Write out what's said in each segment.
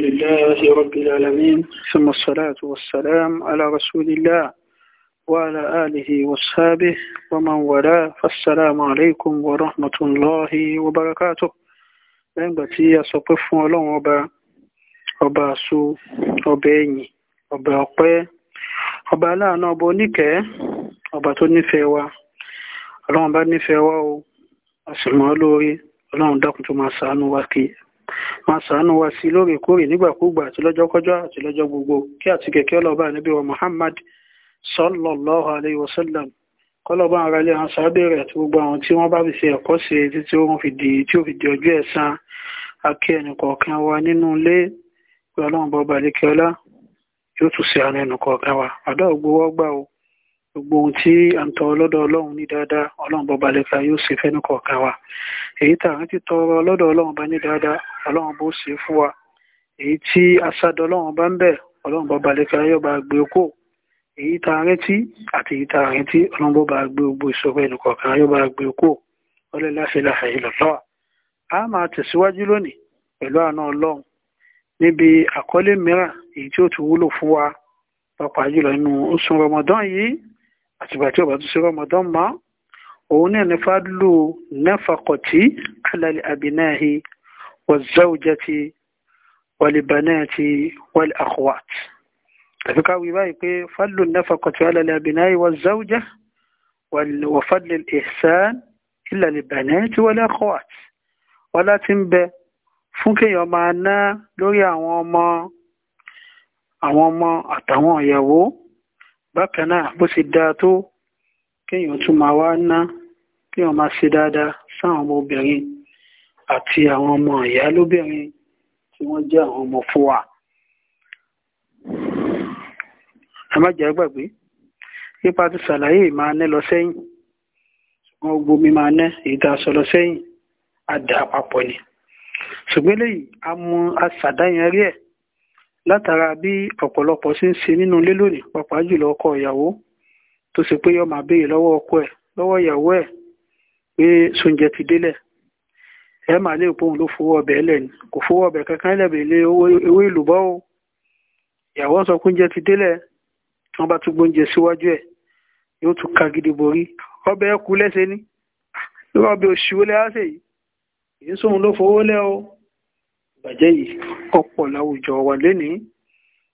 لله رب العالمين ثم الصلاة والسلام على رسول الله وعلى آله وصحبه ومن والاه فالسلام عليكم ورحمة الله وبركاته lẹ́gbà tí a sọ pé fún ọlọ́run ọba ọba àṣù ọba ẹ̀yìn ọba ọpẹ́ ọba aláàánú ọba oníkẹ́ ọba tó nífẹ̀ẹ́ wa ọlọ́run bá nífẹ̀ẹ́ wa o a sì mọ́ lórí ọlọ́run dákun tó máa ṣàánú wa kí máa ṣàánú wa sí lóòrèkóòrè nígbàkúgbà àti lọ́jọ́kọ́jọ́ àti lọ́jọ́ gbogbo kí àti kẹ̀kẹ́ ọlọ́ba ànábì wa Muhammad sallallahu alayhi wa sallam kọlọ́ba ara ilé àwọn sábẹ́ rẹ̀ àti gbogbo àwọn tí wọ́n bá fi ṣe ẹ̀kọ́ sí etí tí ó fi di tí ó fi di ọjọ́ ẹ̀san akí ẹnìkọ̀ọ̀kan wa nínú ilé pé ọlọ́run bọ́ba lékè ọlá yóò tún ṣe àánú ẹnìkọ̀ọ̀kan wa àdó ògbówó gbà o gbogbo ohun tí à ń tọrọ lọ́dọ̀ ọlọ́run ní dáadáa ọlọ́run bọba lẹ́ka yóò ṣe fẹ́ nìkọ̀ọ̀kan wa èyí tà ń ti tọrọ lọ́dọ̀ ọlọ́run bá ní dáadáa ọlọ́run bó ṣe fún wa èyí tí aṣáájú ọlọ́run bá ń bẹ̀ ọlọ́run bọba lẹ́ka yóò bá gbé kó èyí tà rántí àti èyí tà rántí ọlọ́run bọba gbé gbogbo ìṣòro ẹnìkọ̀ọ̀kan yóò bá gbé kó ọlọ́run láṣẹ láṣẹ ìlọ́lọ́ àtìgbà tí ọba tó ṣe rọmọdán mọ́ òun náà ní fádlù nafaqati ala al-abnahi waz-zawjati wal-banati wal-akhwat tàbí káwí báyìí pé fádlù nafaqati ala al-abnahi waz-zawja wa fadlu al-ihsan illa ń bẹ fún kéèyàn máa ná lórí àwọn ọmọ àwọn ọmọ àtàwọn ìyàwó bákan náà bó ṣe dáa tó kéèyàn tún máa wá ná kéèyàn máa ṣe dáadáa sáwọn ọmọ obìnrin àti àwọn ọmọ ìyá lóbìnrin tí wọ́n jẹ́ àwọn ọmọ fún wa. ẹ má jẹ́ gbàgbé nípa ti ṣàlàyé máa ná lọ sẹ́yìn ṣùgbọ́n gbomi máa ná èyí tá a sọ lọ sẹ́yìn á dà papọ̀ ni ṣùgbọ́n eléyìí a mú aṣàdáyẹn rí ẹ̀ látara bí ọ̀pọ̀lọpọ̀ ṣe ń ṣe nínú ilé lónìí pàápàá jùlọ ọkọ ìyàwó tó ṣe pé yó máa béèrè lọ́wọ́ ọkọ ẹ̀ lọ́wọ́ ìyàwó ẹ̀ pé sóúnjẹ ti délẹ̀ ẹ máa lè pòun ló fowó ọbẹ̀ ẹlẹ̀ ni kò fowó ọbẹ̀ kankan lẹ́bẹ̀ lé owó ìlúbọ́ o ìyàwó sọ pé oúnjẹ ti délẹ̀ wọ́n bá tún gbóúnjẹ síwájú ẹ̀ yóò tún ka gidi borí ọbẹ̀ ẹ kú lẹ́sẹ̀ ní ọbẹ̀ òṣìwọlẹ́ á sèyí èyí ìbàjẹ́ yìí ọ̀pọ̀ láwùjọ wa lénìí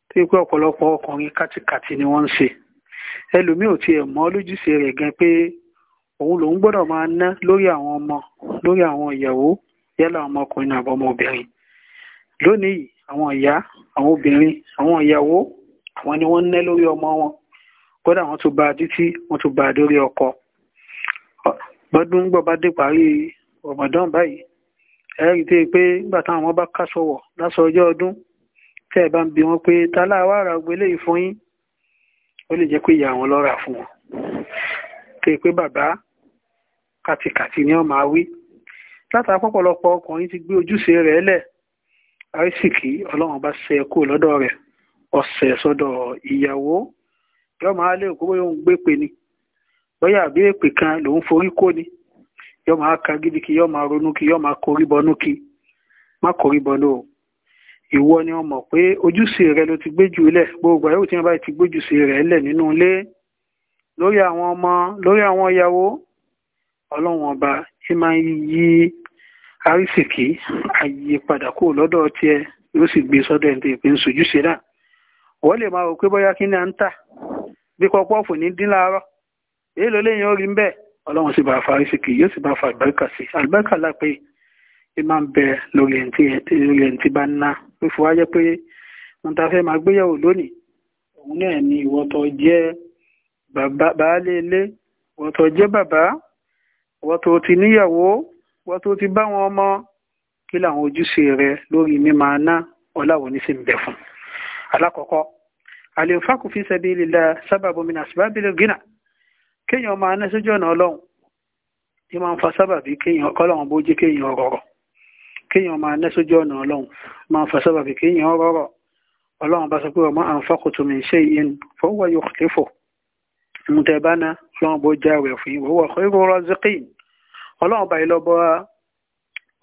tó yẹ pé ọ̀pọ̀lọpọ̀ ọkùnrin kátikàti ni wọ́n ń ṣe ẹlòmíì ò tiẹ̀ mọ́ lójúṣe rẹ̀ gan pé òun lòun gbọ́dọ̀ máa ná lórí àwọn ọmọ lórí àwọn ìyàwó yálà ọmọkùnrin àbọ̀ ọmọbìnrin lónìí àwọn ìyá àwọn obìnrin àwọn ìyàwó àwọn ni wọ́n ń ná lórí ọmọ wọn kódà wọ́n tún bá a títí wọ́n tún bá a dórí ọkọ bọ́dún gbọ́ bá dé parí Ramadan báyìí ẹ̀rí tó yẹ pé nígbà táwọn ọmọ bá káṣọ wọ̀ lásọ ọjọ́ ọdún tẹ́ ẹ̀ bá ń bi wọn pé ta láwa ra ọgbẹ́ lè fún yín ó lè jẹ́ pé ìyá wọn lọ́ra fún wọn tó yẹ pé bàbá kàtìkàtì ni wọ́n máa wí látara pọ̀pọ̀lọpọ̀ ọkùnrin ti gbé ojúṣe rẹ̀ lẹ̀ àrísìkí ọlọ́run bá ṣe kú lọ́dọ̀ rẹ̀ ọ̀sẹ̀ sọ́dọ̀ ìyàwó yọ́ máa lé òkú bóyá òun gbé pè ní bóyá àbí èpè kan lòun forí kó ni yóò máa ka gidi kí yóò máa ronú kí yóò máa korí bọnú kí má korí bọnú o ìwọ ni o mọ̀ pé ojúṣe rẹ ló ti gbéjú lẹ̀ gbogbo àyẹ̀wò tí wọ́n bá ti gbójúṣe rẹ̀ lẹ̀ nínú ilé lórí àwọn ọmọ lórí àwọn ìyàwó ọlọ́run ọba tí máa ń yí àrísìkí àyípadà kúrò lọ́dọ̀ tiẹ̀ yóò sì gbé sọ́dọ̀ ẹni tó ìpín sojúṣe náà wọ́n lè máa rò pé bóyá kí ni à ń tà bí pọpọ́ọ̀fù ní dín láàárọ̀ èyí ló ó rí ń bẹ́ẹ̀ ọlọ́run sì bá fa ìsìnkì yóò sì bá fa àgbáríkà sí àgbáríkà lápé ẹ máa ń bẹ lórí ẹni tí bá ń ná ló fi wáyé pé wọn ta fẹ́ máa gbéyàwó lónìí òun náà ni ìwọ tó jẹ́ baálé ilé ìwọ tó jẹ́ bàbá ìwọ tó ti níyàwó ìwọ tó ti bá wọn ọmọ kí làwọn ojúṣe rẹ lórí mímọ aná ọláwọ ní sí ń bẹ fún alákọ̀ọ́kọ́ àlè òfàkùnfin sabilillah sábàbọmìnà sábàbílẹ gínà kéèyàn máa ná sójú ọ̀nà ọlọ́run ní máa ń fa sábàbí kéèyàn kọ́lọ́run bó jẹ́ kéèyàn rọrọ̀ kéèyàn máa ná sójú ọ̀nà ọlọ́run máa ń fa sábàbí kéèyàn rọrọ̀ ọlọ́run bá sọ pé ọmọ àǹfàkùtù mi ṣe ìyẹn fọwọ́ yóò kéré fò ìmútẹ́ bá ná ọlọ́run bó já rẹ̀ fún ìwọ́wọ́ ìrò rọ́síkì ọlọ́run bá ìlọ́bọ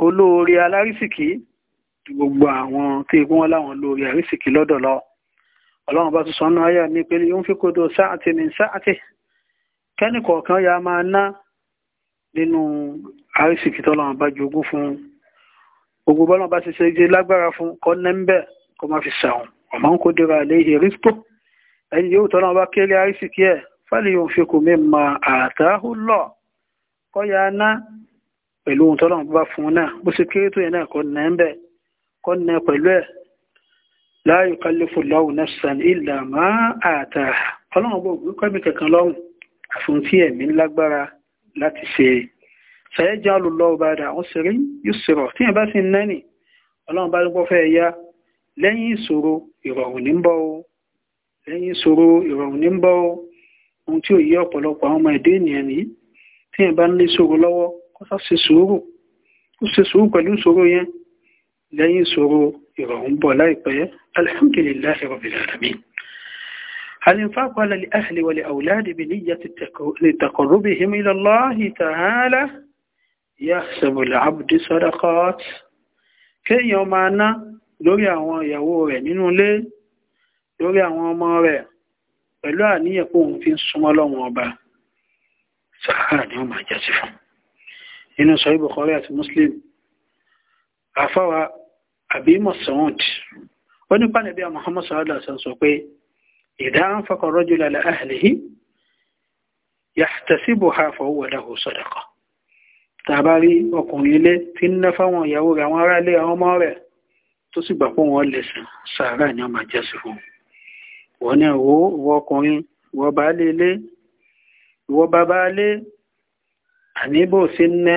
olóore alárísìkì gbogbo àwọn tí egun wọn láwọn olóore arísìkì lọ́dọ̀ lọ ọlọ́run bá tún sọ náà yà ní pé yóò fi kó do sáàtì kẹ́nìkọ̀ọ̀kan ya máa ná nínú àrísìkí tọ́lọ́run bá jogún fún ogun bọ́lọ́run bá ṣiṣẹ́ jẹ́ lágbára fún kọ́nẹ́ ń bẹ̀ kó má fi ṣàwọn ọmọ ń kó dira àléhì rísítò ẹni yóò tọ́lọ́run bá kéré àrísìkí ẹ̀ fẹ́lẹ̀ yóò fi kò mímọ àtàhù lọ kọ́ ya ná pẹ̀lú ohun tọ́lọ́run bá fún náà bó ṣe kéré tó yẹn náà kọ́nẹ́ ń bẹ̀ kọ́nẹ́ pẹ̀lú ẹ̀ la yukallifu Allahu nafsan illa ma àtàhà ọlọ́run bó gbé kọ́mì kankan lọ́rùn àfihàn tí ẹ̀mí lágbára láti ṣe fẹ́ẹ́ já lọ́lọ́ ọba dà wọ́n ṣeré yóò ṣèrọ̀ tí ẹ̀ bá sì ń nẹ́nì ọlọ́run bá lọ́pọ̀ fẹ́ yá lẹ́yìn ìṣòro ìrọ̀rùn ní ń bọ̀ o lẹ́yìn ìṣòro ìrọ̀rùn ní ń bọ̀ o ohun tí ò yí ọ̀pọ̀lọpọ̀ àwọn ọmọ ẹ̀dẹ́ ènìyàn nìyí tí ẹ̀ bá ń lé ìṣòro lọ́wọ́ kó sá ṣe sùúrù ó ṣe sùúrù pẹ̀lú ìṣòro yẹn lẹ́yìn ìṣòro ìrọ̀rùn bọ̀ láìpẹ́ alhamdulillahi rabbil alamin الإنفاق على الأهل والأولاد بنية لتقربهم إلى الله تعالى يحسب العبد صدقات kéèyàn máa ná lórí àwọn ìyàwó rẹ̀ nínú ilé lórí àwọn ọmọ rẹ̀ pẹ̀lú àníyàn pé òun fi ń súnmọ́ lọ́wọ́n ọba sàárà ni wọ́n máa jẹ́ sí fún inú sọ̀rọ̀ Bukhari àti Muslim àfáwà àbí mọ̀sánwọ̀d ó ní pàdébí Muhammad sallallahu alaihi wasallam sọ pé إذا أنفق الرجل لأهله يحتسبها فهو له صدقة tàbárí ọkùnrin ilé tí ń ná fáwọn ìyàwó rẹ̀ àwọn aráalé àwọn ọmọ rẹ̀ tó sì gbà fún wọn lẹ́sìn sàárà ni wọ́n máa jẹ́ sí fún wọn ní ìwọ ìwọ ọkùnrin ìwọ baálé ilé ìwọ babaálé àní bó ṣe ń ná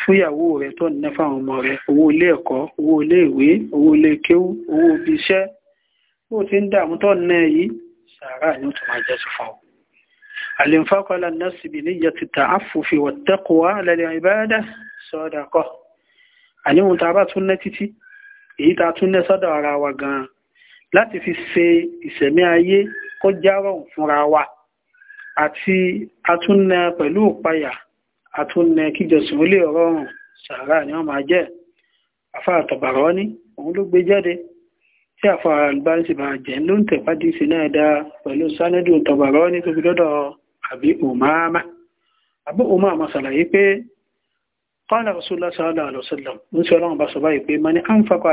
fúyàwó rẹ̀ tó ń ná fáwọn ọmọ rẹ̀ owó ilé ẹ̀kọ́ owó ilé ìwé owó ilé kéwú owó ibi iṣẹ́ bó ti ń dààmú tó ń ná yìí sàárà ni ó tún máa jẹ́ sí fún ọ. àlìǹfàkọ́ alánàṣì bí níyà ti ta àfòfin wọ̀tẹ́kùwá lẹ́lẹ́ ìbáradà sọ́dà kọ́ àníwọ̀n tá a bá tún ná títí èyí tá a tún ná sọ́dọ̀ ara wa gan-an láti fi ṣe ìṣẹ̀mí ayé kó járọ̀ fúnra wa àti atúnnẹ pẹ̀lú ìpayà atúnnẹ kíjọsìn ó rọrùn sàárà ni wọ́n máa jẹ́ àfa àtọ̀bàrọ́ ní òun ló gbé jáde tí àfàrà àlùbárí sì máa jẹ́ ló ń tẹ̀wádìí sí náà dá pẹ̀lú sánẹ́dù tọ̀bàrọ́ ní tóbi lọ́dọ̀ àbí òmáàmá àbí òmáàmá sàlàyé pé قال رسول الله صلى الله عليه وسلم ń sọ ọlọ́run bá sọ báyìí pé mani anfaqa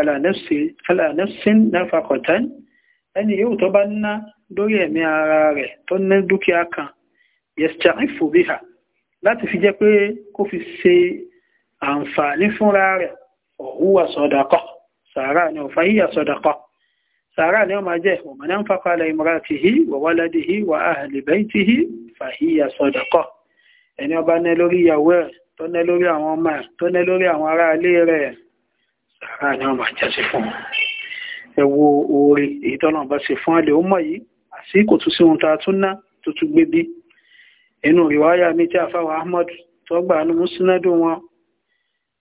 ala nafsin nafaqatan ẹni yóò tó bá ná lórí ẹ̀mí ara sàárà ní ọmọ jẹ́ ọmọ náà ń fapá ala imratihi wa waladihi wa ahli baitihi fahiya sadaqa ẹni ọba ná lórí ìyàwó ẹ̀ tó ná lórí àwọn ọmọ ẹ̀ tó ná lórí àwọn ará ilé rẹ̀ sàárà ní ọmọ jẹ́ sí fún wọn ẹ wo oore èyí tọ́nà bá ṣe fún alẹ́ ó mọ̀ yìí àsìkò tún sí ohun tá a tún ná tó tún gbé bí inú rìwáyà mi tí afáwọn Ahmad tó gbà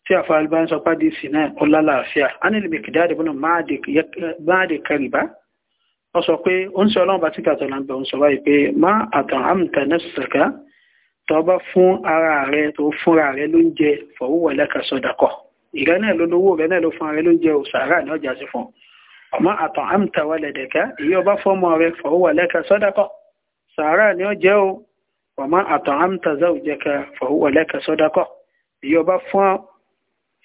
tí àfa albáyé sọ pàdé sí náà ọlá làáfíà anil mikdad ibn máàdì kẹrìbá ọ sọ pé ó ń sọ ọlọ́run bá tí kàtọ́ là ń bẹ̀ ń sọ báyìí pé má àtàn àmìtà náà sàkà tó bá fún ara rẹ tó fúnra rẹ ló ń jẹ fọwọ́ lẹ́ka sọdakọ̀ ìrẹ́ náà ló lówó rẹ náà ló fún ara rẹ ló ń jẹ òsàrà ní ọjà sí fún ọmọ àtàn àmìtà wà lẹ́dẹ̀ká èyí ọba fọmọ rẹ fọwọ́ lẹ́ka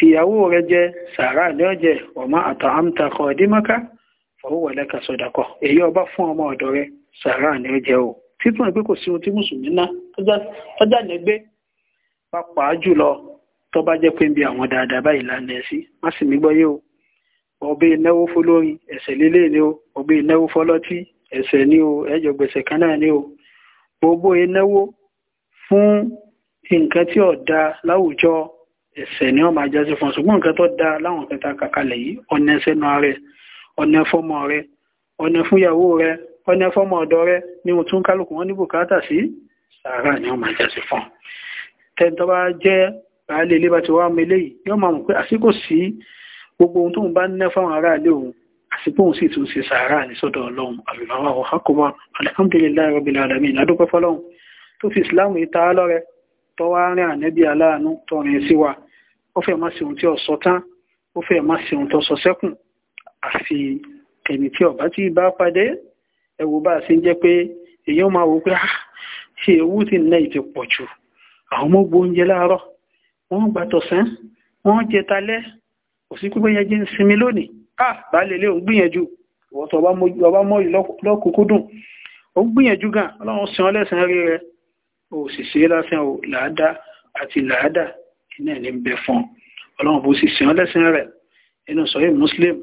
ìyàwó rẹ jẹ sàárà ní ọjẹ ọmọ àtọ àmtakọ ọdímọká fọwọ lẹka sọdakọ èyí ọba fún ọmọ ọ̀dọ̀ rẹ sàárà ní ọjẹ o títún ẹgbẹ kò sí ohun tí mùsùlùmí ná tọjá nẹgbẹ pàápàá jùlọ tó bá jẹ pé ń bi àwọn dáadáa báyìí lánà ẹ sí má sì mí gbọ́yé o ọbẹ ìnáwó fọlórin ẹsẹ lílé ni o ọbẹ ìnáwó fọlọtí ẹsẹ ni o ẹjọ gbèsè kan náà ni o gbogbo ìnáwó fún nǹkan tí ó dáa láwùjọ ẹ̀ṣẹ̀ ni wọ́n máa jásí fún ṣùgbọ́n nǹkan tó dáa láwọn kẹta kàkalẹ̀ yìí ọ̀nà ẹsẹ̀nu rẹ̀ ọ̀nà fọ́mọ rẹ̀ ọ̀nà fúnyàwó rẹ̀ ọ̀nà fọ́mọ ọ̀dọ́ rẹ̀ ní ohun tó ń kálukú wọn ní bùkátà sí sàárà ni wọ́n máa jásí fún tẹ́ntọ́ bá jẹ́ baálé ilé bá ti wá ọmọ eléyìí yóò máa mọ̀ pé àsìkò sí gbogbo ohun tóun bá ń ná fáwọn aráàlú òun àsìkò òun sì tún ṣe sàárà ní sọ́dọ̀ ọlọ́run àbìbáwá fi ìsìláàmù ìta tọ́wá rìn ànẹ́bí aláàánú tọrin sí wa ó fẹ́ má ṣeun tí ó sọ tán ó fẹ́ má ṣeun tó sọ sẹ́kùn àfi ẹni tí ọba tí bá pàdé ẹwù bá ṣe ń jẹ́ pé èèyàn máa wò pé ah, ṣe ewu ti nà ìtì pọ̀ jù àwọn ọmọ gbó oúnjẹ láàárọ̀ wọ́n gbà tọ̀sán wọ́n jẹ talẹ́ òsì pípẹ́ yẹn jẹ́ ń sinmi lónìí ah baálé ilé òun gbìyànjú ìwọ́sọ̀ ọba mọ́ ìlọ́kùnkúndùn ó gbìyànjú gan ọlọ́run sìn ọ́ lẹ́sàn rí rẹ̀ òṣìṣẹ́ lásán o làádá àti làádá iná ní bẹ fún ọlọ́run bó sì sìn lẹ́sìn rẹ̀ inú sọ́yìn muslim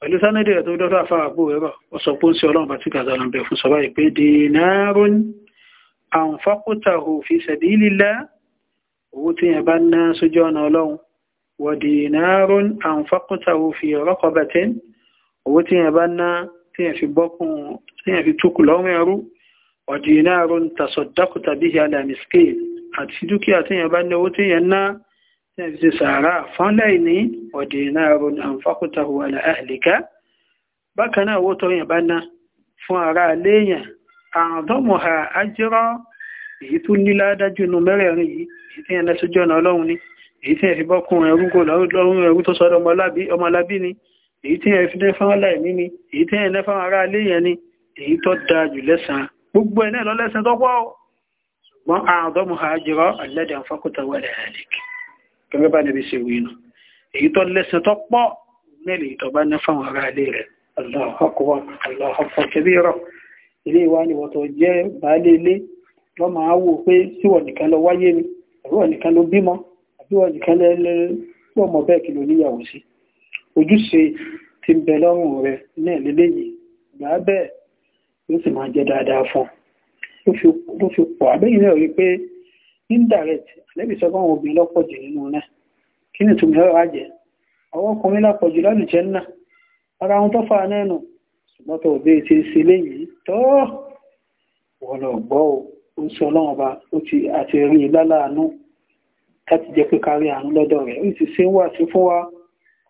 pẹ̀lú sánẹ́dì rẹ̀ tó dọ́dọ́ àfáàgbò ẹ̀bà ó sọ pé ó ń sí ọlọ́run bá ti kàzà lọ bẹ̀ fún sọba ìpé dínárún anfaqtahu fi sabilillah owó tí yẹn bá ná sójú ọ̀nà ọlọ́run wa dínárún anfaqtahu fi raqabatin owó tí yẹn bá ná tí yẹn fi bọ́kùn tí yẹn fi túkù lọ́rùn ẹrú ọ̀dínàrún tàṣọ̀dákùtà bí i alàmìsíkè àti dúkìá tí yẹn bá ní owó tí yẹn ná tí yẹn fi ṣe sàárà fọ́nlẹ̀ ní ọ̀dínàrún àǹfàkùtà wàlà àhìlíkà bákan náà owó tó yẹn bá ná fún ni èyí tí yẹn fi bọ́kùnrin ẹrúgbò lọ́rùn ẹrú tó sọ́dọ̀ ọmọlábí ni èyí tí yẹn fi dé fáwọn láìní ni èyí tí èyí tó dáa jù lẹ́sàn-án gbogbo ẹ̀ náà lọ́lẹ́sìn tọ́pọ̀ wọn àádọ́mù àjẹrọ alẹ́dẹ̀ àfọkùtàwẹ̀lẹ̀ àlẹ́k gẹ́gẹ́ bá níbi ṣe wínú èyí tó lẹ́sìn tọ́pọ̀ mẹ́lẹ̀ ìtọ́ bá ní fáwọn ará ilé rẹ̀ aláhọ́kọ́ aláhọ́kọ́ kẹbíọ́rọ̀ ni wọ́n tó jẹ́ baálé ilé lọ́ máa wò pé síwọ̀ nìkan lọ wáyé mi àbíwọ̀ nìkan ló bímọ àbíwọ̀ nìkan lẹ́lẹ́ ti ń bẹ lọ́rùn rẹ̀ náà lélẹ́yìn gbà bẹ́ẹ̀ yóò sì máa jẹ́ dáadáa fún ló fi pọ̀ àbẹ́yìn náà rí pé indirect àlẹ́bí sọ fún àwọn obìnrin lọ́pọ̀ jù nínú náà kí ni tùmí ọ̀rọ̀ àjẹ́ àwọn ọkùnrin lápọ̀ jù lọ́nà jẹ́ náà ara wọn tó fà náà nù ṣùgbọ́n tó bẹ́ẹ̀ ṣe ṣe léyìí tó wọ́n lọ gbọ́ o ó ń sọ ọlọ́run ọba ó ti àti rí i láláàánú láti jẹ́ pé kárí àánú lọ́dọ̀ rẹ̀ ó sì ṣe ń wà sí fún wa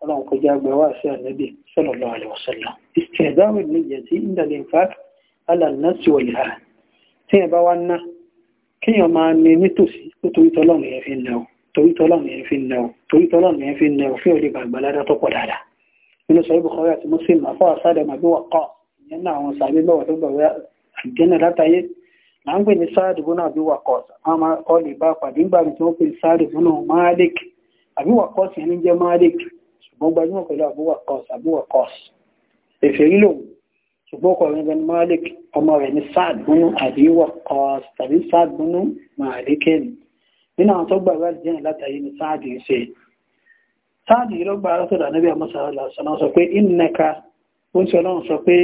ọlọ́run kọjá gbẹ wá sí àlẹ́bí sallallahu alaihi wasallam ìṣẹ̀dáwìn lè yẹ̀ sí ìdàlẹ̀ ìfàkì alànà sí wọ̀ ìhà tí ẹ bá wá ná kíyàn máa ní nítòsí ó torí tọ́lọ́mù yẹn fi ń lẹ́wọ̀ torí tọ́lọ́mù yẹn fi ń lẹ́wọ̀ torí tọ́lọ́mù yẹn fi ń lẹ́wọ̀ fí olè gbàgbà ládá tó pọ̀ dáadáa nínú sọ ibùkọ́ rẹ̀ àti muslim àfọ́ àsádà màbí wà kọ́ ìyẹn náà àwọn sàbí bọ̀wọ̀ tó gbàgbé àjẹ́nà látayé là ń pè ní sáàdì bọ́nà àbí wà kọ́ àmà ọlẹ̀ bá pàdé ńgbà mi tí wọ́n pè ní sáàdì bọ́nà malik àbí wà kọ́ ẹni jẹ́ malik ṣùgbọ́n gbajúmọ̀ pẹ̀lú àbúwà kọ́ àbúwà kọ́ èfèrí lòun ṣùgbọ́n ọkọ̀ rẹ̀ bẹni malik ọmọ rẹ̀ ní sáàdúnú àríwọ̀ kọ́s tàbí sáàdúnú màálíkẹ́ni nínú àwọn tó gbà wà jẹ́ látàrí ní sáàdì ṣe sáàdì ló gbà látọ̀dà níbi àmọ́sàrọ̀lá sọ pé ìnẹka ó ti ọlọ́run sọ pé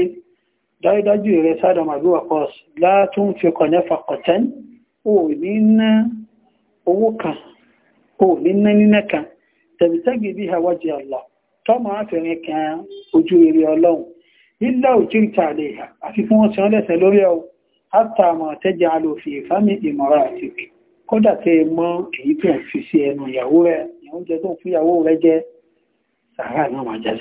dájúdájú rẹ̀ sáàdọ̀ màálíwọ̀ kọ́s látún fi kọ̀nyẹ́ fakọ̀tẹ́n ò ní ná owó kan ò ní ná nínà kan tẹ̀bítẹ́gì bí hawaji Allah tọ́mọ̀ àfẹ́rin kan ojú ire ọlọ́run ilẹ̀ òjìrì tààlẹ̀ àti fún wọn sàn lẹ́sẹ̀ lórí ẹ̀ àtàmà tẹ́jà alòfì ìfàmì ìmọ̀ra àti kódà tẹ́ mọ́ èyí tó ń fi sí ẹnu ìyàwó rẹ̀ ìyàwóúnjẹ tó ń fún ìyàwó rẹ̀ jẹ́ sàárà náà máa jẹ́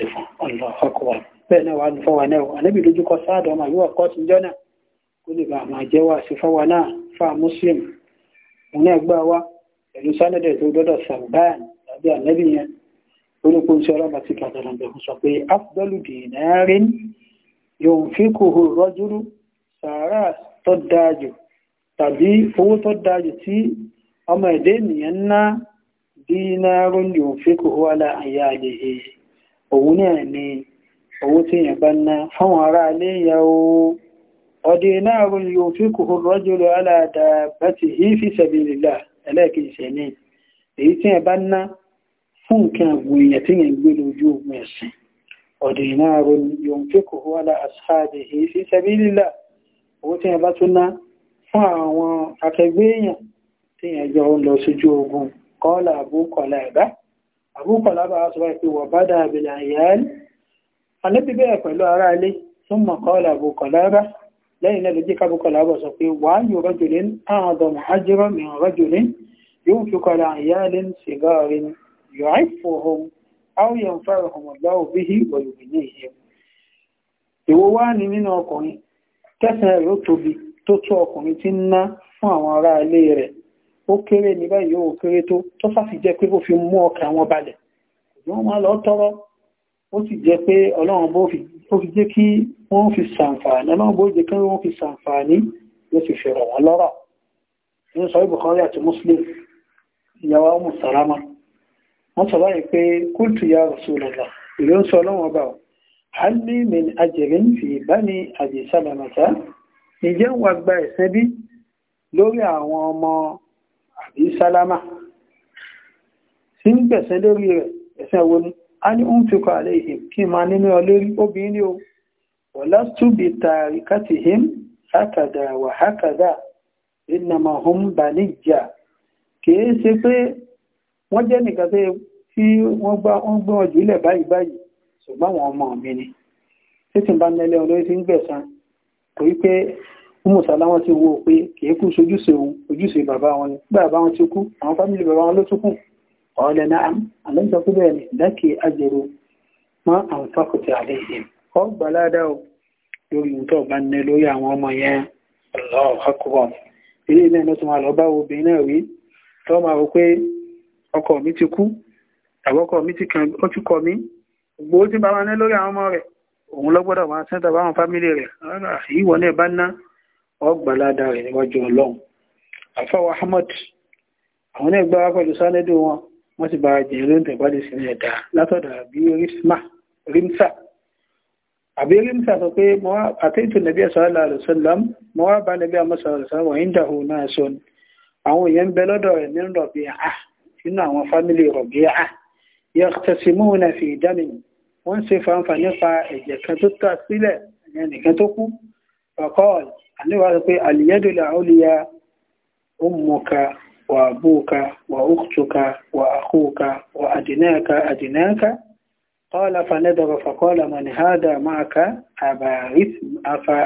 sí fọwà náà fa muslim òun náà gbá ní yóò fi kòhò rọ́júrú sàárà tó dáájù tàbí owó tó dáájù tí ọmọ ẹ̀dẹ́ ènìyàn ná dínárún yóò fi kòhò alá àyà àlèyé òun náà ni owó tí èèyàn bá ná fáwọn ará alé ìyàwó ọdẹ náàrún yóò fi rọ́júrú aláàdá bàtì yìí fi fún nǹkan àgbòyìn tí èèyàn gbé ogun ẹ̀sìn ودينار ينفقه على أصحابه في سبيل الله owó tí yẹn bá tún ná fún àwọn akẹgbẹ́ èèyàn tí yẹn jọ ń lọ síjú ogun kọ́ọ̀lá àbúkọ̀lá ẹ̀bá àbúkọ̀lá bá sọ pé wọ̀ bá dáa bí láyéálì alẹ́bí bẹ́ẹ̀ pẹ̀lú ara ilé tún mọ̀ kọ́ọ̀lá àbúkọ̀lá ẹ̀bá lẹ́yìn náà lójí kábúkọ̀lá bọ̀ sọ pé wàá yóò rọ́jò ní àádọ́mù ajírọ́ mìíràn rọ́jò ní yóò fi kọ́lá àyáálì sìgáàrin yóò àìfòhùn àwọn yẹn fẹ́rẹ̀ ọmọdé òbí hì wọ̀nyí ní ìyẹ́ ìwọ wá ní nínú ọkùnrin tẹ́sán rẹ̀ ó tóbi tó tó ọkùnrin tí ń ná fún àwọn ará ilé rẹ̀ ó kéré ní báyìí ó kéré tó tó sáfi jẹ́ pé ó fi mú ọkàn wọn balẹ̀ ìwọ́n máa lọ tọrọ ó sì jẹ́ pé ìyàwó ọmọ wọ́n sọ báyìí pé kúltù ya Rasulullah ìlú ń sọ lọ́wọ́ bá ọ hálí min ajẹ̀rin fi bá ní àjì sábàmàtà ìjẹ́ ń wà gba ẹ̀sẹ́ bí lórí àwọn ọmọ àbí sálámà sí ń gbẹ̀sẹ̀ lórí rẹ̀ ẹ̀sẹ̀ wo ni a ní ń tukọ̀ àlẹ́ ìhìn kí n máa nínú ọlórí obìnrin ni o wọ̀lá túbi tààrí káti him hákàdà wà hákàdà ìnàmà hum bàníjà kìí ṣe pé wọ́n jẹ́ nìkan tó tí wọ́n gbá wọ́n gbé wọn jùlẹ̀ báyìí báyìí ṣùgbọ́n àwọn ọmọ mi ni títí bá nílé olóyè tí ń gbẹ̀san torí pé mùsàlá wọn ti wo pé kìí kú sojúṣe òun ojúṣe bàbá wọn ni bàbá wọn ti kú àwọn fámìlì bàbá wọn ló tún kù ọ̀ọ́lẹ̀ náà àlẹ́jọ́ pé bẹ́ẹ̀ ni dákì ajẹ́rò mọ́ àwọn fákòtì àlẹ́ yìí ọ́ gbàládà o lórí nǹkan ọ̀gbá ní lórí àwọn ọmọ yẹn lọ́ọ̀ akọ̀wọ̀ ilé náà lọ́tún wà lọ́ bá obìnrin náà rí tọ́ máa rò pé ọkọ mi ti kú àbọ̀kọ mi ti kàn ó ti kọ mí gbogbo ó ti bá wọn ní lórí àwọn ọmọ rẹ̀ òun lọ gbọ́dọ̀ wọn sẹ́ńtà báwọn fámílì rẹ̀ ìwọ náà bá ná ọgbàládà rẹ̀ níwájú ọlọ́run àfọwọ́ ahmad àwọn náà gbára pẹ̀lú sánẹ́dù wọn wọ́n ti bá jẹ́ lóńtà ìbádìí sí ní ẹ̀dá látọ̀dà bí rímsà àbí rímsà sọ pé àtẹ́tù nàbí ẹ̀sọ́lá àlùsọ́lám mọ́ wá bá nàbí àmọ́sọ̀rọ̀ sọ́wọ́ ìdáhùn náà sọ́n àwọn èèyàn ń bẹ lọ́dọ̀ rẹ̀ nínú rọ̀bì àá nínú àwọn fámílì Rabi'a yaqtasimuna fi damin wọ́n ṣe fanfa nípa ẹ̀jẹ̀ kan tó tà sílẹ̀ ẹ̀yẹn nìkan tó kú faqal àníwá sọ pé al-yadu al-ulya ummuka wa abuka wa ukhtuka wa akhuka wa adnaka adnaka qala fanadara faqala man hada ma'aka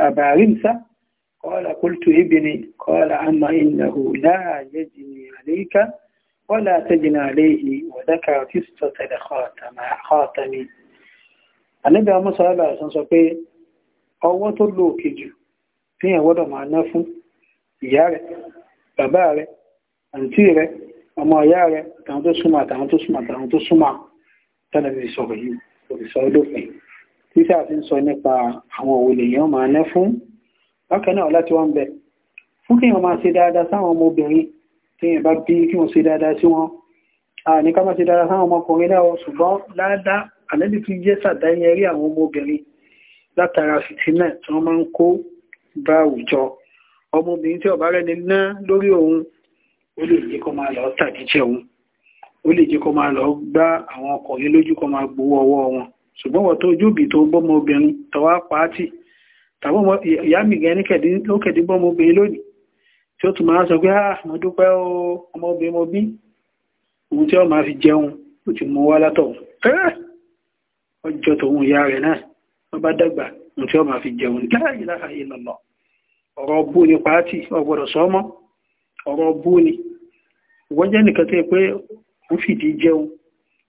abarimsa قال قلت ابني قال أما إنه لا يجني عليك ولا تجن عليه وذكر قصة الخاتم خاتم النبي محمد صلى الله عليه وسلم sọ pé ọwọ́ tó lò òkè jù tí èèyàn gbọ́dọ̀ máa ná fún ìyá rẹ̀ bàbá rẹ̀ àǹtí rẹ̀ ọmọ ìyá rẹ̀ àtàwọn tó súnmọ́ àtàwọn tó súnmọ́ àtàwọn tó súnmọ́ tẹ́lẹ̀bí sọ̀rọ̀ yìí òfìsọ́ olófin tí sáà fi ń sọ nípa àwọn òwòlè èèyàn máa ná fún bákan náà láti wọ́n bẹ̀ fún kí èèyàn máa ṣe dáadáa sáwọn ọmọ obìnrin tí yẹn bá bí kí wọ́n ṣe dáadáa sí wọn àní ká má ṣe dáadáa sáwọn ọmọkùnrin náà ṣùgbọ́n ládàá àlẹ́bí tún jẹ́ sàdáyẹ rí àwọn ọmọbìnrin látara fìtínà tí wọ́n máa ń kó bá àwùjọ ọmọbìnrin tí ọ̀bá rẹni ná lórí òun ó lè jẹ́ kó máa lọ tàdíjẹ òun ó lè jẹ́ kó máa lọ gbá àwọn ọkùnrin lójú kó máa gbowó ọwọ́ wọn ṣùgbọ́n wọ́n tó júbì tó bọ́mọ obìnrin pàátì tàbí ìyá mi ní lókèdí bọ́mọ lónìí tí ó tún máa sọ pé ah mo dúpẹ́ o ọmọbìnrin mo bí ohun tí ó máa fi jẹun ó ti mú wá látọ̀ ah! ọjọ́ tòun ìyá rẹ̀ náà wọ́n bá dàgbà ohun tí ó máa fi jẹun láàyè láàyè lọ́lọ́ ọ̀rọ̀ bú ni pàátì ọgbọ́dọ̀ sọ́mọ́ ọ̀rọ̀ bú ni wọ́n jẹ́ nìkan tó yẹ pé ó fìdí jẹun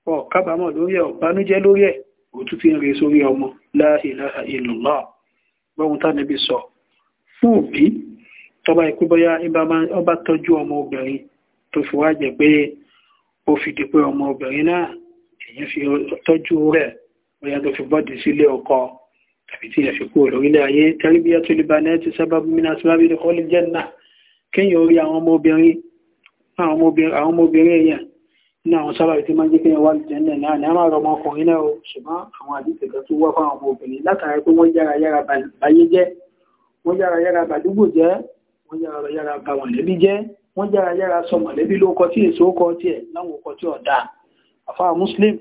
ọ̀kábàámọ̀ lórí ẹ̀ ọ̀bánújẹ́ lórí ẹ̀ òtún fi ń re sórí ọmọ láàyè láàyè lọ́lọ́ gbọ́hun tá tọba ìpé bọ́yá ọba tọ́jú ọmọ obìnrin tó fi wá jẹ́ pé ó fi di pé ọmọ obìnrin náà èyàn fi tọ́jú rẹ̀ bóyá tó fi bọ́dì sílé ọkọ tàbí tí èyàn fi kúrò lórílẹ̀ ayé tẹ́lifíyà tó lè ba náà ti sábà bùmínà síbábí ní kọ́lé jẹ́ náà kéèyàn orí àwọn ọmọ obìnrin àwọn ọmọ obìnrin èèyàn ní àwọn sábàbí tí máa ń jẹ́ kéèyàn wà lùjẹ́ náà náà ní a máa rọ náà o ṣùgbọ́n àwọn àdìsẹ̀ kan tó wá fáwọn ọmọ obìnrin látàrí pé wọ́n yára yára bàdúgbò jẹ́ wọ́n yára yára ba mọ̀lẹ́bí jẹ́ wọ́n yára yára sọ mọ̀lẹ́bí ló kọ tí èso kọ tí ẹ̀ láwọn kọ tí ọ̀dà àfáà muslim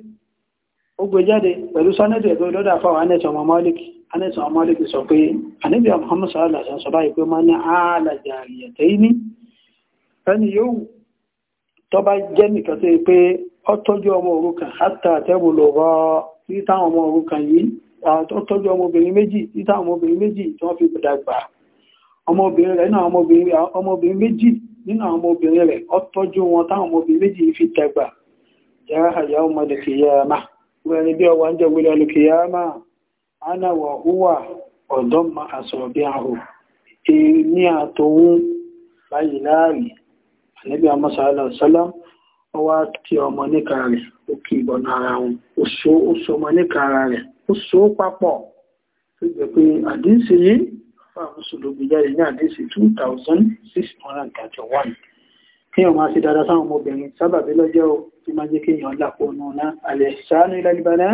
ó gbé jáde pẹ̀lú sọ́nẹ́dì ẹ̀gbẹ́ lọ́dọ̀ àfáà anẹ́sàn ọmọ malik anẹ́sàn ọmọ malik sọ pé ànábì muhammad sallallahu alaihi wasallam sọ báyìí pé máa ní àlàjà àríyàtẹ́ ní ẹni yóò tó bá jẹ́ nìkan tó yẹ pé ó tọ́jú ọmọ òrukàn hátà àtẹ́wò lọ rọ títà ọmọ òrukàn yìí ó tọ́jú ọmọbìnrin méjì títà ọmọbìnrin méjì tí wọ́n fi dàgbà ọmọbìnrin rẹ̀ náà ọmọbìnrin méjì nínú àwọn ọmọbìnrin rẹ̀ ọ tọ́jú wọn táwọn ọmọbìnrin méjì fi dàgbà jáhàyà ọmọdé kìyàmá wẹ́rin bí ọwà ń jẹ́ wílẹ̀ olùkìyàmá anáwọ̀ ma tí ọmọ níka rẹ̀ ó kí ìbọnà ara wọn àfà mùsùlùmí jáde ní àdéṣì 2631 kí wọ́n máa ṣe dáadáa sáwọn ọmọbìnrin sábàbí lọ́jọ́ tí máa jẹ́ kéèyàn lápọnù náà alẹ́ sáánú ìlàlìbàlá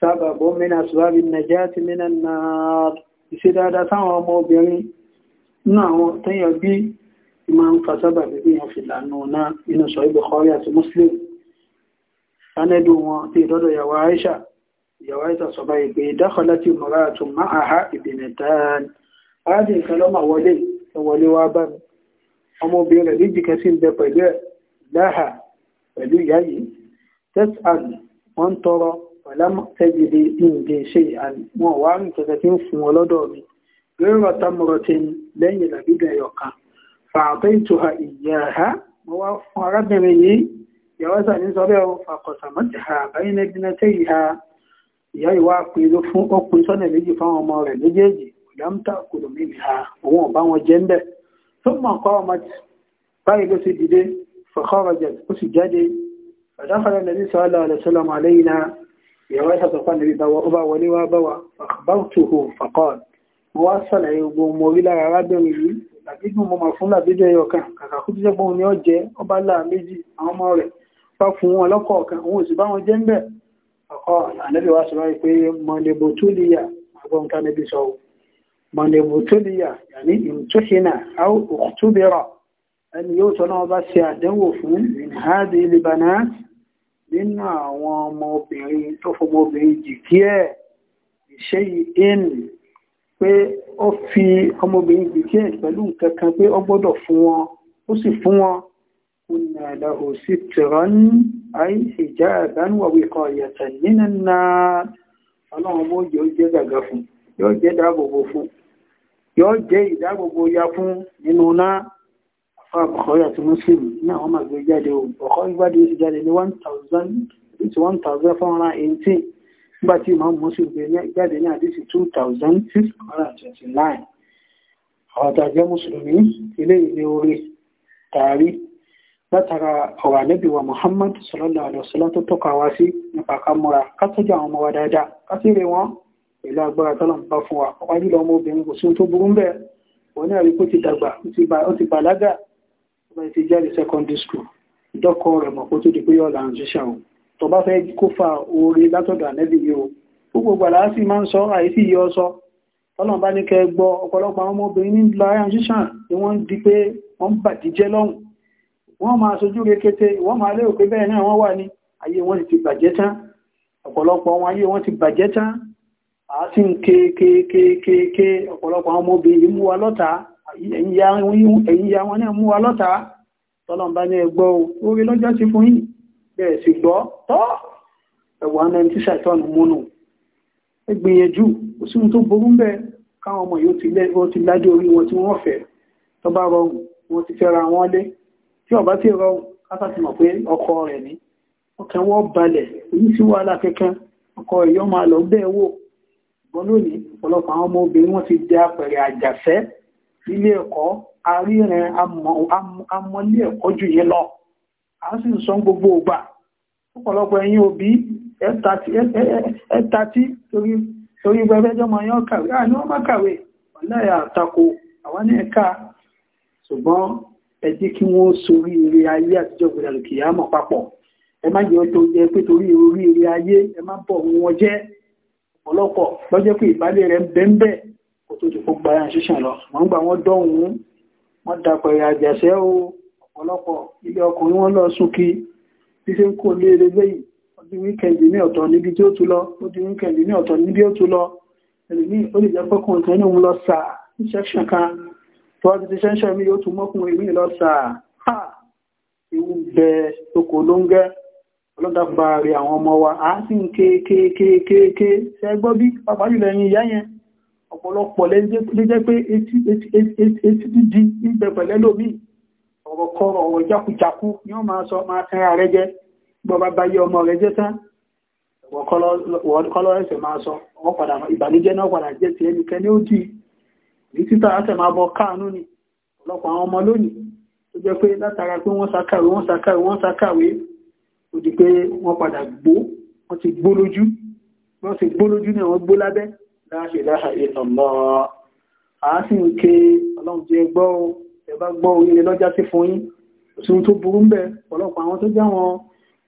sábàbọ́ mẹ́nà àṣùwárí nàìjíríà ti mẹ́nà náà ìṣe dáadáa sáwọn ọmọbìnrin náà àwọn tẹ́yàn bí ìmọ̀ ń fa sábàbí bí wọ́n fi lànà náà inú sọ Bukhari àti Muslim sanadu wọn tí ìdọ́dọ̀ yàwó arábìnrin kan lọ́mà wọlé ìwọlé wá bá mi ọmọbìnrin rẹ̀ laha kan ń bẹ pẹ̀lú ẹ̀ láhà pẹ̀lú ìyá yìí test and wọ́n tọrọ pẹ̀lám tẹ́jìdì ìǹdè ṣe àmì wọn wá rìn kẹ̀kẹ́ tí ń fún wọn lọ́dọ̀ mi rírọ̀ ti ń lẹ́yìn ìyá ha mo wá fún arábìnrin yìí ìyàwó ha àbáyé nẹ́bí tẹ́yì ha ìyá ìwà pè ló fún sọ́nà méjì fáwọn ọmọ lámtà kùrù mímì ha òun ọ̀bá wọn jẹ́ ń bẹ̀ tó mọ̀ kọ́ ọmọ báyìí ló sì dìde fọ̀kọ́rọ̀jẹ̀ ó sì jáde ọ̀dáfàlẹ̀ nàbí sọ́ọ́lá ọ̀lẹ́sọ́lá màlẹ́yìn náà ìyàwó ìṣàtọ̀fà nàbí bá wọlé wá bá wa fàkàbáwùtùhù fàkọ́ọ̀d mo wá sàlàyé gbogbo mo rí lára arábìnrin yìí làbídùn mo máa fún làbídùn ẹyọ kan kàkà kú tó jẹ́ pé òun ni ó jẹ́ ọba láà méjì àwọn ọmọ rẹ̀ bá fún wọn lọ́kọ̀ọ̀kan òun sì bá wọn jẹ́ ń bẹ̀ ọkọ̀ ànábì wa sọ wáyé pé mọ̀lẹ́bọ̀ tó lè yà àgbọ̀nkánẹ́bí sọ̀rọ̀ من ابتلي يعني امتحن أو اختبر أن يوتنا بس يعدوف من هذه البنات nínú àwọn ọmọbìnrin tó fọmọbìnrin jìkí ẹ̀ ṣe in pé ó fi ọmọbìnrin jìkí ẹ̀ pẹ̀lú nǹkan kan pé ó gbọ́dọ̀ fún wọn ó sì fún wọn kùnà àdàhò sí tìrán àì ìjà àdánwàwí kan ìyàtọ̀ nínú náà ọlọ́run bó jẹ́ gàgà fún yóò jẹ́ dáàbòbò fún yóò jẹ́ ìdágbogbo ya fún nínú náà afáàbùkọ́rí àti muslim ní àwọn màgbé jáde ohun ọ̀kọ́ ìgbádìí ti jáde ní 1418 nígbà tí imam muslim gbé jáde ní àdísì 2629 àwọn tàjẹ́ mùsùlùmí ilé ilé orí tààrí látara ọ̀rọ̀ ànẹ́bíwa muhammad sallallahu alaihi wasallam tó tọ́ka wá sí nípa ká múra ká tọ́jú àwọn ọmọ wa dáadáa ká sí rè wọn pẹ̀lú agbára tọ́lọ̀ bá fún wa ọ̀pá jùlọ ọmọbìnrin kò sí ohun tó burú ń bẹ̀ wọ́n ní àríkó ti dàgbà ó ti bàlágà ó bá ti jáde secondary school ìdọ́kọ̀ rẹ̀ mọ̀ kó tó di pé yọ̀ là ń ṣiṣẹ́ o tó bá fẹ́ kó fa oore látọ̀dọ̀ ànẹ́bì yìí o gbogbo gbàlá sì máa ń sọ àìsí yìí ọ sọ tọ́lọ̀ bá ní kẹ gbọ́ ọ̀pọ̀lọpọ̀ àwọn ọmọbìnrin ní lára ṣiṣẹ́ ni wọ́n di pé wọ́n bàdíjẹ́ lọ́hùn wọ́n máa sojú rekete wọ́n máa lérò pé bẹ́ẹ̀ náà wọ́n wà ní ayé wọn ti bàjẹ́ tán ọ̀pọ̀lọpọ̀ wọn ayé wọn ti bàjẹ́ tán àásí ń ké ké ké ké ké ọ̀pọ̀lọpọ̀ àwọn ọmọbìnrin mú wa lọ́ta ẹ̀yìn ya wọn náà mú wa lọ́ta tọ́lọ̀mbá ní ẹgbọ́ orí lọ́jọ́ ti fún yìí bẹ́ẹ̀ sì gbọ́ tọ́ ẹ̀wọ̀n náà tí sàtọ́nù múnù ẹgbìyànjú kò sí tó burú ń bẹ́ káwọn ọmọ yóò ti ládé orí wọn tí wọ́n fẹ́ tó bá rọrùn wọn ti fẹ́ra wọn lé máa lọ bẹ́ẹ̀ ṣùgbọ́n lónìí ọ̀pọ̀lọpọ̀ àwọn ọmọ obìnrin wọ́n ti di apẹ̀rẹ̀ àjàfẹ́ nílé ẹ̀kọ́ aríran amọ̀lé ẹ̀kọ́ jù yẹn lọ a sì ń sọ gbogbo ògbà ọ̀pọ̀lọpọ̀ ẹ̀yin òbí ẹ̀ta tí torí gbẹ́gbẹ́jọ́ mọ̀ yán kàwé àní wọ́n má kàwé ọ̀láyà àtakò àwọn ní ẹ̀ka ṣùgbọ́n ẹ jẹ́ kí wọ́n sorí eré ayé àtijọ́ gbẹ̀dàlùkì yá mọ̀ papọ̀ ẹ má jẹ́ pé torí eré ayé ẹ má bọ̀ wọn jẹ́ ọ̀pọ̀lọpọ̀ lọ́jọ́ pé ìbálẹ̀ rẹ̀ bẹ́ẹ̀bẹ́ kò tó ti kó gbára ṣíṣàn lọ wọ́n gbà wọ́n dọ́hùn wọ́n dapẹ̀rẹ̀ àjàṣẹ́ o ọ̀pọ̀lọpọ̀ ilé ọkùnrin wọn lọ súnkí bí ṣe ń kó lé eléwé yìí ó di wíkẹ̀ndì ní ọ̀tọ̀ níbi tí ó tún lọ ó di wíkẹ̀ndì ní ọ̀tọ̀ níbi ó tún lọ ẹlòmíì ó lè jẹ́ pẹ́kùnrin tẹ́ni òun lọ sàá ní ṣẹ́ṣàn kan tó wá ti ha ewu bẹ oko ló ọlọ́dàpá rí àwọn ọmọ wa a sì ń kéèkéèkéèkéèké ṣẹgbọ́ bí pàpàá jùlọ ẹ̀yìn ìyá yẹn ọ̀pọ̀lọpọ̀ lẹ́jẹ́ pé etí dídí ń bẹ pẹ̀lẹ́ lómi ọ̀rọ̀ kọrọ̀ ọ̀rọ̀ jákujáku ni ó máa sọ máa tẹ́ra rẹ jẹ́ gbọ́ba bá yé ọmọ rẹ jẹ́ tán kọ́lọ́ ẹ̀sẹ̀ máa sọ ọwọ́ padà ìbànújẹ́ náà padà jẹ́ ti ẹnikẹ́ni ó dì ní títà ẹ̀sẹ̀ máa bọ káànú ni ọ̀pọ̀lọpọ̀ àwọn ọmọ lónìí ó di pé wọ́n padà gbó wọ́n ti gbó lójú wọ́n ti gbó lójú náà wọ́n gbó lábẹ́ láàṣẹ láàṣẹ ìtànlọ́ àásìn ké ọlọ́run jẹ gbọ́ ẹ̀bá gbọ́ orílẹ̀ lọ́jà sí fún yín òṣùn tó burú ń bẹ ọ̀pọ̀lọpọ̀ àwọn tó já wọn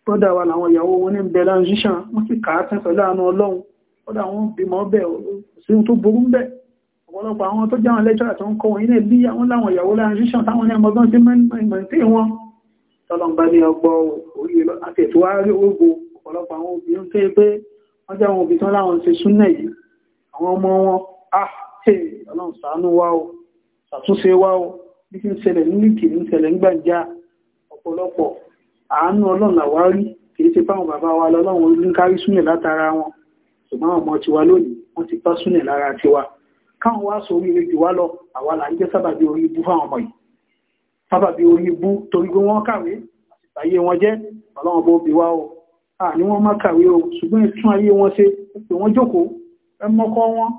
tọ́dà wa làwọn ìyàwó wọn ní ń bẹ láńṣíṣàn wọ́n sì kàá tẹ́ pẹ̀lú àánú ọlọ́run tọ́dà wọn bímọ bẹ̀ òṣùn tó burú ń bẹ ọ̀pọ̀lọpọ̀ àwọn tó já wọn lẹ́jọ́ àtọ́ ń kọ́ wọn ilé bí àwọn láwọn ìyàwó láńṣíṣàn táwọn ní ọmọgbọ́n sí mẹ́rin tọ́lọ́mbá ní ọgbọ́ orí àtẹ̀tùwárí ogbò ọ̀pọ̀lọpọ̀ àwọn obìnrin tó yẹ pé wọ́n jẹ́ àwọn obìnrin láwọn ṣe súnnà yìí àwọn ọmọ wọn ààtẹ̀ ah, ọlọ́run wá o ṣàtúnṣe wá o bí kí ń ṣẹlẹ̀ ní lìkì ń ṣẹlẹ̀ ń gbàjá ọ̀pọ̀lọpọ̀ àánú ọlọ́run kì í ṣe fáwọn bàbá wa lọ́lọ́run ń kárí súnnà látara wọn ṣùgbọ́n ọmọ tiwa lónìí wọ́n ti bá súnnà lára tiwa káwọn wá sórí ire wá lọ àwa là ń jẹ́ sábàbí orí ibú fáwọn ọmọ yìí sábàbí orí ibú torí pé wọ́n kàwé àyè wọn jẹ́ ọlọ́run bó bí wá o à ní wọ́n má kàwé o ṣùgbọ́n ìtún ayé wọn ṣe pé wọ́n jókòó ẹ mọ́kọ́ wọn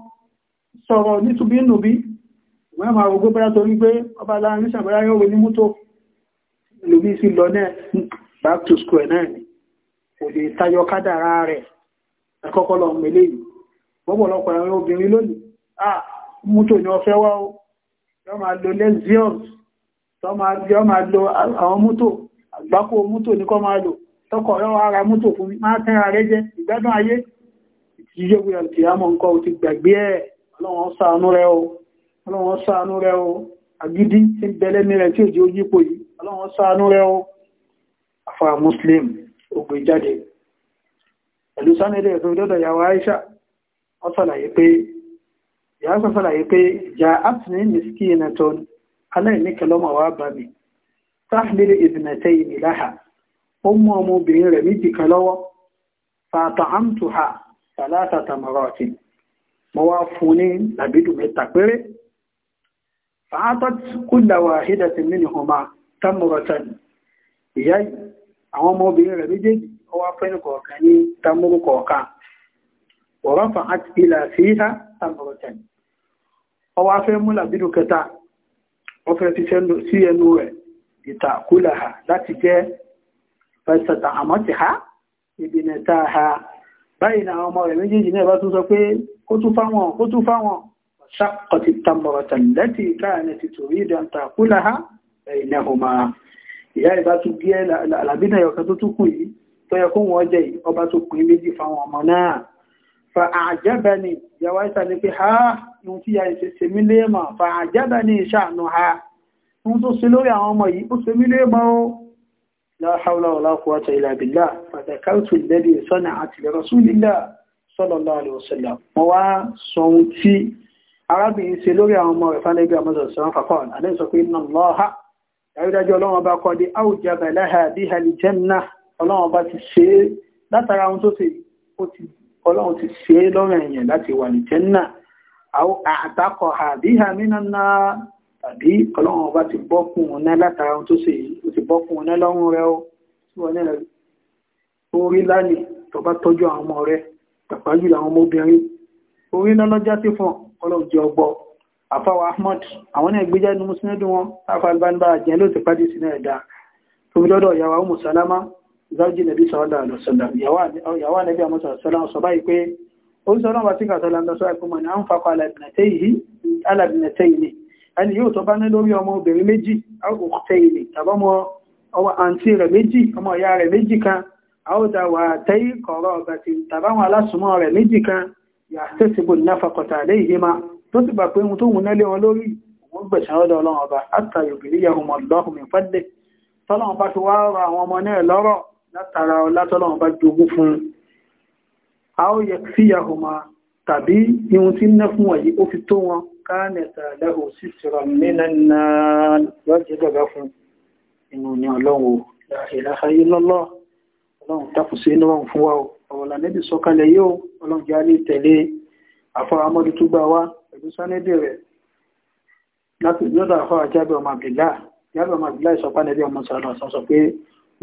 sọ̀rọ̀ nítubí nùbí wọ́n máa rògbé bẹ́yà torí pé ọba láàrin ṣàbẹ́yà yóò wé back to square náà ni kò lè tayọ kádàrá rẹ̀ ẹ̀kọ́kọ́ lọ mẹ́lé yìí ni ọ fẹ́ wá o tọ́ máa lo àwọn mọ́tò àgbákò mọ́tò ní kọ́ máa lò tọ́kọ̀ ọ̀rọ̀ ara mọ́tò fún mi máa tẹ́ra rẹ jẹ́ ìgbádùn ayé ìtìyẹ́ wíyà tí a mọ̀ nǹkan ti gbàgbé ẹ̀ ọlọ́run ṣàánú rẹ o ọlọ́run tí ń bẹ̀lẹ́ ojípo yìí ọlọ́run ṣàánú rẹ o afa muslim ogun jáde pẹ̀lú sánilẹ̀ ìfẹ́ dọ́dọ̀ yàwó aisha wọ́n sàlàyé pé ìyá sàlàyé pé jà átìní mìskì nàtọ́ni aláìníkẹ lọ́mọ wa bá mi táàlì ìbìnàtẹ́ ìmìláhà ó mú ọmọ obìnrin rẹ̀ méjì kan lọ́wọ́ fàtà àmtùhà sàlátà tamarọ̀tì mo wá fún ní làbídù mẹ́ta péré fàátọ́t kúlàwà hídàtì mínìhùnmá tamarọ̀tàn ìyá àwọn ọmọ obìnrin rẹ̀ méjèèjì ó wá fẹ́ nìkọ̀ọ̀kan ní tamuru kọ̀ọ̀kan wọ̀rọ̀fà àti ilà fíhà tamarọ̀tàn ó wá fẹ́ mú làbídù kẹta wọ́n fẹ́ fi sí ẹnu rẹ̀ ìtàkùlà ha láti jẹ́ pẹ̀sẹ̀tà àmọ́ ti ha ìbìnà ta ha báyìí náà ọmọ rẹ̀ méjèèjì náà bá tún sọ pé kó tún fáwọn kó tún fáwọn ṣàkọtì tamọ̀rọ̀tà lẹ́tì káàrin ti torí ìdáǹtà kúlà ha ẹ̀yìn ẹ̀hùnmá ìyá ìbá tún gé àlàbínà ẹ̀yọ̀kan tó tún kù yìí tó kó wọ́n jẹ́ ọba tó pín méjì fáwọn ọmọ náà fa àjẹ́bẹ̀ni ìyàwó ìsà ní pé ha ohun tí ya ìṣẹ́ ṣe mí léèmọ̀ fa àjẹ́bẹ̀ni ìṣàánú ha ohun tó ṣe lórí àwọn ọmọ yìí ó ṣe mí léèmọ̀ ó la hawla wala quwwata illa billah fàtàkàtù ìlẹ́dì sọ́nà àti rasulillah sallallahu alaihi wasallam wọ́n wá sọ ohun tí arábìnrin ṣe lórí àwọn ọmọ rẹ̀ fánẹ́gbẹ́ àmọ́sọ̀sọ̀rọ̀ fàkọ́ọ̀n àdéhùn sọ pé inna Allaha dájúdájú ọlọ́run ọba kọ́ di awjaba laha biha al-jannah ọlọ́run ọba ti ṣe látara ohun tó ṣe ó ti ọlọ́run ti ṣe é lọ́rọ̀ ẹ̀yàn láti wà ní jẹ́nà àtakọ̀ àbíhà mìíràn náà tàbí ọlọ́run ọba ti bọ́kùn ọ̀nà látara ohun tó ṣe yìí ó ti bọ́kùn ọ̀nà lọ́rùn rẹ ó tí wọ́n náà orí lánìí tó bá tọ́jú àwọn ọmọ rẹ pàápàá jùlọ àwọn ọmọbìnrin orí lọ́lọ́já sí fún ọlọ́run jẹ ọgbọ́ àfáwà Ahmad àwọn náà gbéjá inú mùsùlùmí wọn láfa albanba jẹ́ ló ti pàdé sínú ẹ̀dá tó fi lọ́dọ̀ ìyàwó mùsàlámà zájí nàbí sọ́ọ́dà àlọ́sọ́dà yàwó ànàbí àmọ́sọ̀ sọ́lá sọ báyìí pé ó ń sọ́lá wà tí kà sọ́lá ń lọ sọ́ọ́ ìpínmọ̀ ní à ń fakọ alàbìnàtẹ́ yìí ẹni yóò tó bá ní lórí ọmọ obìnrin méjì àwòkútẹ́ yìí tàbọ́mọ àǹtí rẹ̀ méjì ọmọ ìyá rẹ̀ méjì kan àwòdà wà tẹ́yí kọ̀ọ̀rọ̀ ọ̀bàtì tàbáwọn alásùnmọ́ rẹ̀ méjì kan yàtẹ́sìbò náfàkọ̀tà lé ìyẹ́má tó sì gbà pé ohun tó wùn nẹ́lé wọn lórí òun gbẹ̀sán ọ̀dọ̀ ọlọ́run ọba àtàyòbìnrin yahoo mọ̀lọ́hùn mi fẹ́lẹ̀ tọ́lọ́run bá ti wá rọ àwọn ọmọ náà lọ́rọ̀ látara ọlátọ́lọ́wọ́n bá jogún fún a ó yẹ sí yahoma tàbí ihun tí ná fún wọ̀nyí ó fi tó wọn káànẹ̀tà lẹ́hùn sí sọ̀rọ̀ mẹ́nà náà lọ́jẹ́ gbẹ̀gbẹ̀ fún inú ni ọlọ́run ìlàhà ilọ́lọ́ ọlọ́run tapù sí inú ọ̀run fún wa ọ̀rọ̀lá níbi sọ́kalẹ̀ yóò ọlọ́run já ní tẹ̀lé àfọ́ramọ́dú tó gbà wá pẹ̀lú sánédè rẹ̀ láti ọmọ àbìlá ìsọpánẹ́bí ọmọ sọ̀rọ̀ sọ pé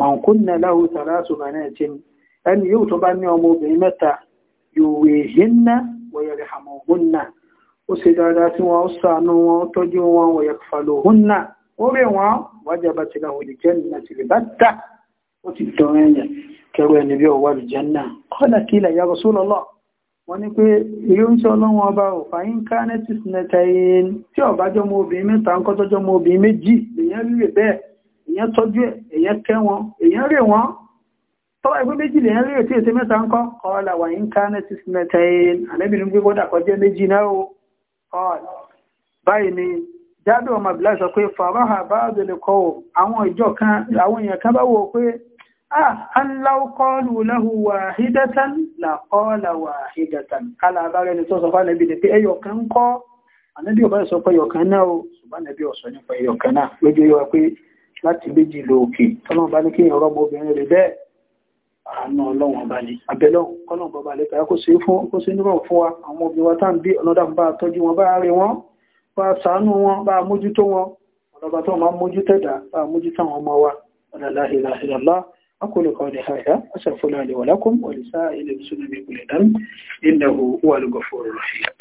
mọ̀kúnnà láhù sàrásù banatin ẹni yóò tó bá ní ọmọ obìnrin mẹ́ta yòwè hinna wọ̀yẹ̀rẹ̀ hàmọ̀húnnà ó ṣe dáadáa sí wọn ó sànú wọn ó tọ́jú wọn wọ̀yẹ̀ fàlòhúnnà ó rẹ̀ wọn wájàbá ti láhù lè jẹ́ nínú ti lè bá dá ó ti dọ̀rọ̀ ẹ̀yẹ̀ kẹrù ẹni bí ọwọ́ lè jẹ́ náà kọ́lá ya Rasulullah wọ́n ní pé ilé oúnjẹ ọlọ́wọ́n ọba ò fàyín kánẹ́tì sinẹtẹ̀yìn tí ọ̀bájọ́mọ obìnrin mẹ́ta ń kọ́tọ́jọ́mọ obìnrin méjì lèyàn lè bẹ́ẹ̀ èyàn tọ́jú ẹ̀ èyàn kẹ́ wọn èyàn rè wọn tọ́wọ́ ẹgbẹ́ méjì lèyàn rè tí èsè mẹ́ta ń kọ́ kọ́ọ̀lá wà ń ká ní sísí mẹ́ta ẹ̀yìn àlẹ́bìnrin gbé kódà kọjẹ́ méjì náà o báyìí ni jádù ọmọ ìbílẹ̀ sọ pé fàráhà bá délé kọ́ o àwọn ìjọ kan àwọn èèyàn kan bá wò ó pé ah láwọ́ kọ́ọ̀lù lẹ́hu wà hídẹ́tàn làkọ́ọ̀là wà hídẹ́tàn alábárẹ́ ni tó sọ fún àlẹ́bí ni pé ẹyọ kan ń kọ́ àlẹ́bí ọba sọ pé o ṣùgbọ́n àlẹ́bí ọ̀sọ́ nípa ẹyọ kan náà lójú yọ pé láti méjì lọ òkè tọ́lọ́n bá ní kí èèyàn rọ́mọ obìnrin rẹ̀ bẹ́ẹ̀ àánú ọlọ́wọ̀n bá ní abẹ́lọ́ kọ́lọ́n bọ́ bá lè kàá kó ṣe fún kó ṣe nírọ̀ fún wa àwọn obìnrin wa táà ń bí ọ̀nà dàmbà tọ́jú wọn bá rí wọn bá ṣàánú wọn bá mójútó wọn ọ̀nàbà tó máa mójú tẹ̀dá bá mójútó àwọn ọmọ wa ọ̀nàláhìláhìlá أقول قولي هذا أسف لي ولكم ولسائر المسلمين كل هو الغفور الرحيم